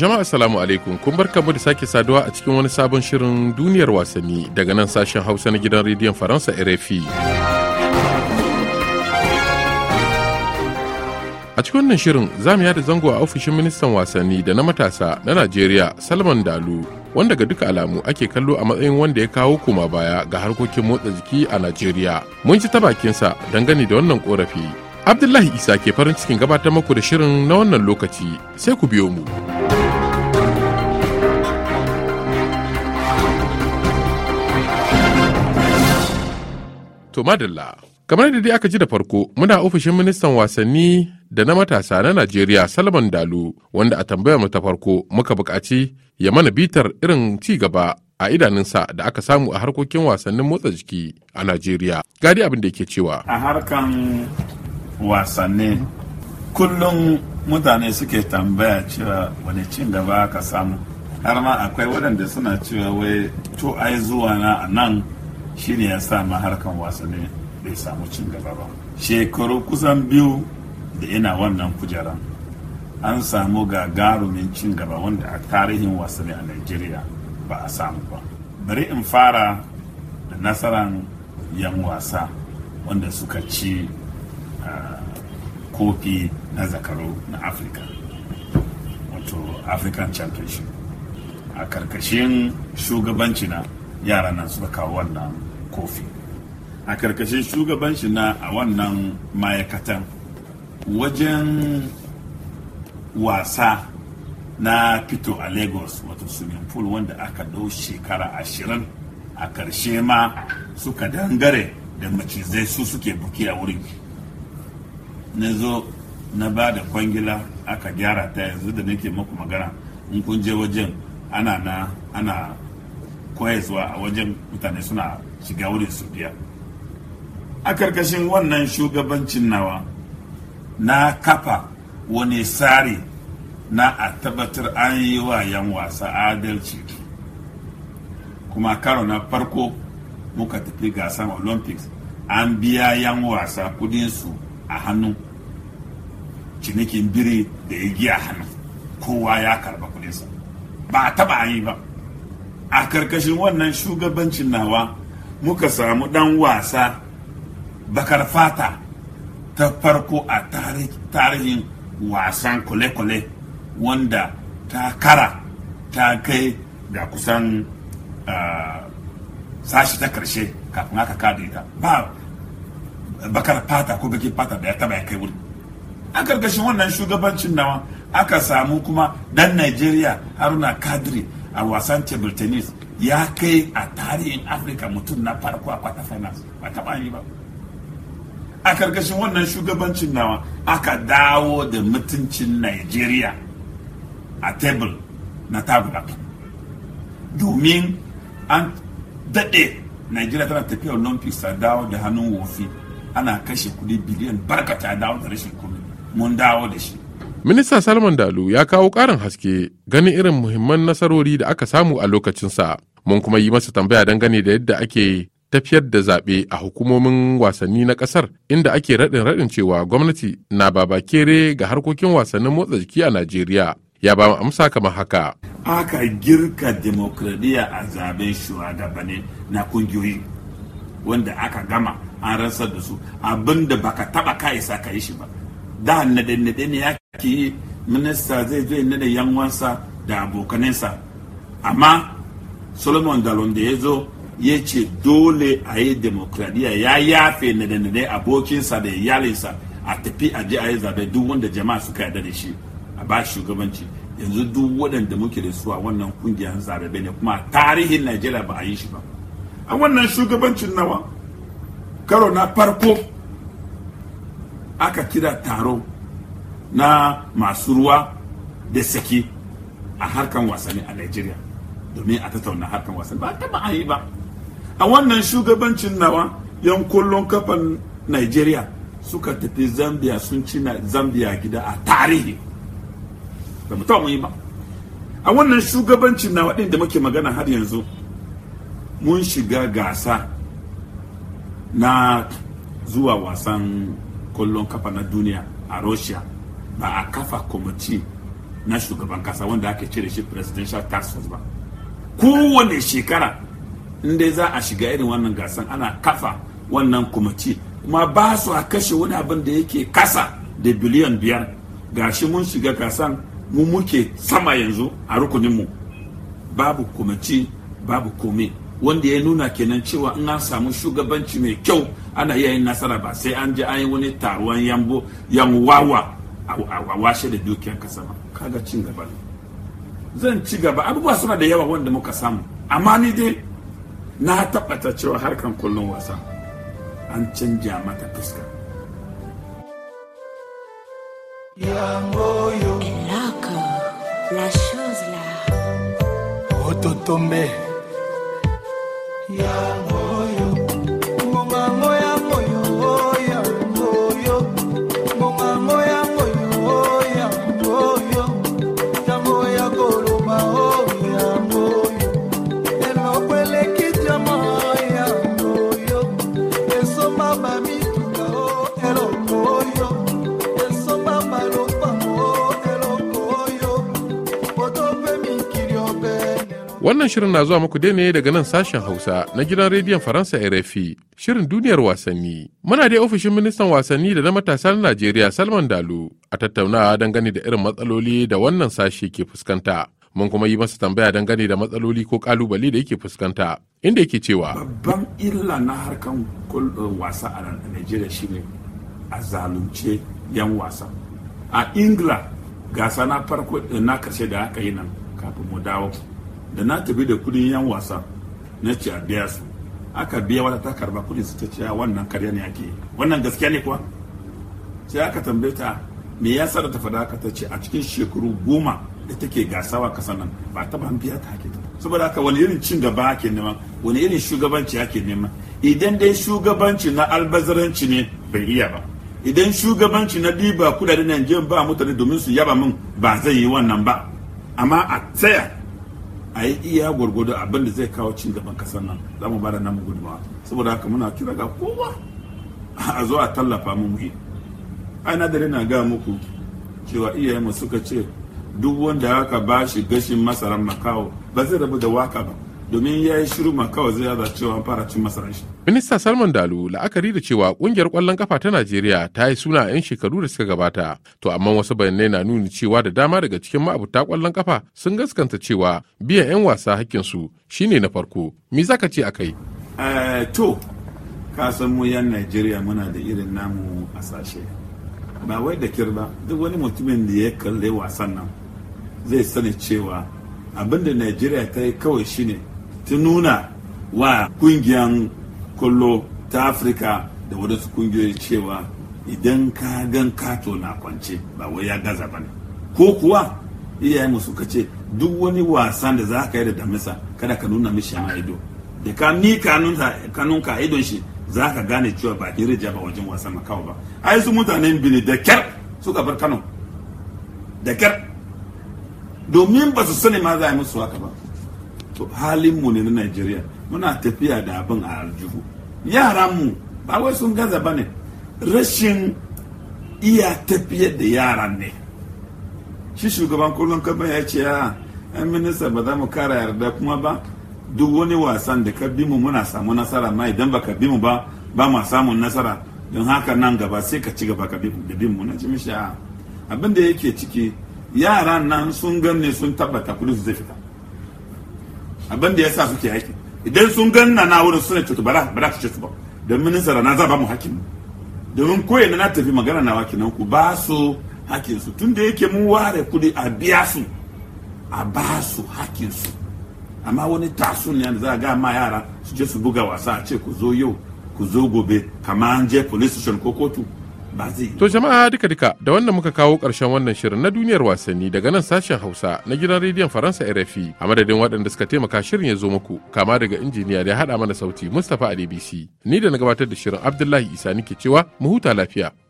Jama'a assalamu alaikum kun bar kamu da sake saduwa a cikin wani sabon shirin duniyar wasanni daga nan sashen Hausa na gidan rediyon Faransa RFI. A cikin wannan shirin za mu yada zango a ofishin ministan wasanni da na matasa na Najeriya Salman Dalu wanda ga duka alamu ake kallo a matsayin wanda ya kawo koma baya ga harkokin motsa jiki a Najeriya. Mun ci ta bakinsa dangane da wannan korafi. Abdullahi Isa ke farin cikin gabatar muku da shirin na wannan lokaci sai ku biyo mu. To madalla. Kamar da dai aka ji da farko muna ofishin ministan wasanni da na matasa na Najeriya Salman Dalu wanda a tambayar mu ta farko muka bukaci ya mana bitar irin ci gaba a idanunsa da aka samu a harkokin wasannin motsa jiki a Najeriya. Gadi abin da yake cewa. A harkan wasanni kullum mutane suke tambaya cewa wani cin gaba ka samu. Har ma akwai waɗanda suna cewa wai to ai zuwa na a nan Shi ne ya sa ma harkan wasanni bai samu cin gaba ba shekaru kusan biyu da ina wannan kujeran an samu gagarumin cin gaba wanda a tarihin wasanni a Najeriya ba a samu ba bari in fara da nasaran yan wasa wanda suka ci ah, kofi na zakaru na afirka wato african championship a karkashin shugabanci na yara na suka kawo wannan kofi a karkashin shugaban shi na a wannan ma'aikatan wajen wasa na fito a lagos wato swimming pool wanda aka dau shekara ashirin a karshe ma suka dangare da macizai su suke buki a wurin na zo na ba da kwangila aka gyara ta yanzu da nake maku magana in kun je wajen ana na ana zuwa a wajen mutane suna shiga wurin su biya a karkashin wannan shugabancin nawa na kafa wani tsari na a tabbatar an yi wa yan wasa adalci kuma karo na farko muka tafi gasar olympics an biya yan wasa kudinsu a hannu cinikin biri da ya giya hannu kowa ya karba kudinsa ba a taba yi ba a karkashin wannan shugabancin nawa muka samu dan wasa bakar fata ta farko a tarihin wasan kule-kule wanda ta kara ta kai ga kusan sashi ta karshe kafin aka kada ita ba bakar fata ko bakin fata da ya taba ya kai wuri a karkashin wannan shugabancin nawa aka samu kuma dan najeriya haruna kadri a wasan table tennis ya kai a tarihin afirka mutum na farko a kwata finals ba taɓa yi ba a karkashin wannan shugabancin nawa aka dawo da mutuncin nigeria a table na tabula domin an daɗe nigeria tana tafiya olympics a dawo da hannun wofi ana kashe kudi biliyan barkata dawo da rashin kudi mun dawo da shi Minista Salman Dalu ya kawo karin haske ganin irin muhimman nasarori da aka samu a lokacinsa. Mun kuma yi masa tambaya gani da yadda ake tafiyar da zaɓe a hukumomin wasanni na ƙasar inda ake raɗin raɗin cewa gwamnati na baba kere ga harkokin wasannin motsa jiki a Najeriya. Ya ba mu amsa kamar haka. Aka girka demokradiyya a zaben shugabanni na kungiyoyi wanda aka gama an rasa da su abinda baka taba ka isa ka yi shi ba. Da naɗe-naɗe ne ya Ki minista zai zo ne da yanwansa da abokanansa. Amma Solomon Dalon da ya zo ya ce dole a yi demokradiyya ya yafe nade-nade abokinsa da iyalinsa a tafi a ji a yi zaɓe duk wanda jama'a suka yarda da shi a ba shugabanci yanzu duk waɗanda muke da su a wannan kungiyar zaɓe ne kuma tarihin najeriya ba a yi shi ba a wannan shugabancin nawa karo na farko aka kira taro na masu ruwa da sake a harkan wasanni a Najeriya domin a tattauna harkan wasanni ba ta a yi ba a wannan shugabancin nawa yan kullon kafan Najeriya suka tafi Zambia sun ci Zambia gida a tarihi ba mu yi ba a wannan shugabancin nawa din da muke magana har yanzu mun shiga gasa na zuwa wasan kullon kafa na duniya a Russia ba a kafa kwamiti na shugaban kasa wanda ake cire shi presidential task force ba kowane shekara inda za a shiga irin wannan gasan ana kafa wannan kwamiti kuma ba su a kashe wani abin da yake kasa da biliyan biyar gashi mun shiga gasan mu muke sama yanzu a rukuninmu babu kwamiti babu komai wanda ya nuna kenan cewa in an samu shugabanci mai kyau ana iya yin nasara ba sai an ji an yi wani taruwan yambo yan wawa a washe da dukiyar ka sama kaga cin gaba ne zan ci gaba abubuwa suna da yawa wanda muka samu amma ni dai na tabbata cewa harkan kullum wasa an canja mata fuska ya moyo la Wannan shirin na zuwa muku ne daga nan sashen Hausa na gidan rediyon Faransa RFI, shirin duniyar wasanni. Muna dai ofishin ministan wasanni da na matasa na Najeriya Salman Dalu a tattaunawa dangane da irin matsaloli da wannan sashe ke fuskanta. Mun kuma yi masa tambaya dangane da matsaloli ko kalubale da yake fuskanta, inda yake cewa. Babban illa na harkan wasa a Najeriya shine a zalunce 'yan wasa. A Ingila gasa na farko na karshe da aka yi nan kafin mu dawo da na tafi da kudin yan wasa na ce a biya su aka biya wata ta karba kudin su ta ce wannan karya ne ake wannan gaskiya ne kuwa sai aka tambaye ta me ya sa da ta faɗa aka ta ce a cikin shekaru goma da take gasawa kasa nan ba ta ban biya ta hake saboda haka wani irin cin gaba ake nema wani irin shugabanci ake nema idan dai shugabanci na albazaranci ne bai iya ba idan shugabanci na diba kudaden Najeriya ba mutane domin su yaba min ba zai yi wannan ba amma a tsaya a yi iya gwargwado abin da zai kawo ci gaban kasar nan za mu bada namu gudunmawa saboda haka muna kira ga kowa a zo a tallafa mu muhi ai na dare na ga muku cewa iyayenmu suka ce duk wanda haka ba shi gashin masaran makawo ba zai rabu da waka ba domin ya yi shiru ma kawai zai yada cewa fara cin masa shi. Minista Salman Dalu la'akari da cewa kungiyar kwallon kafa ta Najeriya ta yi suna a 'yan shekaru da suka gabata, to amma wasu bayanai na nuni cewa da dama daga cikin ma'abuta kwallon kafa sun gaskanta cewa biyan 'yan wasa hakkinsu shine na farko. Me za ka ce a kai? Eh, to, ka san mu 'yan Najeriya muna da irin namu hasashe. Ba wai da kirba duk wani mutumin da ya kalli wasan nan zai sani cewa abinda da Najeriya ta yi kawai shine ta nuna wa kungiyan kwallo ta afirka da wadansu kungiyoyi cewa idan ka gan kato na kwance ba wai ya gaza ba ne ko kuwa iyayen mu suka ce duk wani wasan da za ka yi da damisa kada ka nuna mishi yana ido da ka ni ka a idon shi za ka gane cewa ba ki rija ba wajen wasan makawa ba ai su mutane bini da kyar suka bar kano da kyar domin ba su sani ma za a yi musu haka ba to mu ne na Najeriya muna tafiya da abin a aljihu yaran ba wai sun gaza ba rashin iya tafiyar da yaran ne shi shugaban kullum kaba ya ce a ah, yan minista ba za mu kara yarda kuma ba duk wani wasan da ka bi mu muna samu nasara ma idan baka bi mu ba ba ma samun nasara don haka nan gaba sai ka ci gaba ka bi mu na ci mishi ah, abin da yake ciki yaran nan sun ganne sun tabbata kudu zai fita abin da yasa suke yaki idan sun ganna na wurin suna cutu ba za su cutu ba don ministan na za ba mu hakimu domin koyi na tafi magana na nan ku ba su hakin su tunda yake mu ware kudi a biya su a ba su su amma wani tasu ne za a ga ma yara su je su buga wasa a ce ku zo yau ku zo gobe kamar an je police station ko kotu to jama'a duka duka da wannan muka kawo ƙarshen wannan shirin na duniyar wasanni daga nan sashen hausa na gidan rediyon faransa rfi a madadin waɗanda suka taimaka shirin ya zo muku kama daga injiniya da ya haɗa mana sauti mustapha adebisi ni da na gabatar da shirin abdullahi isa nake cewa mu huta lafiya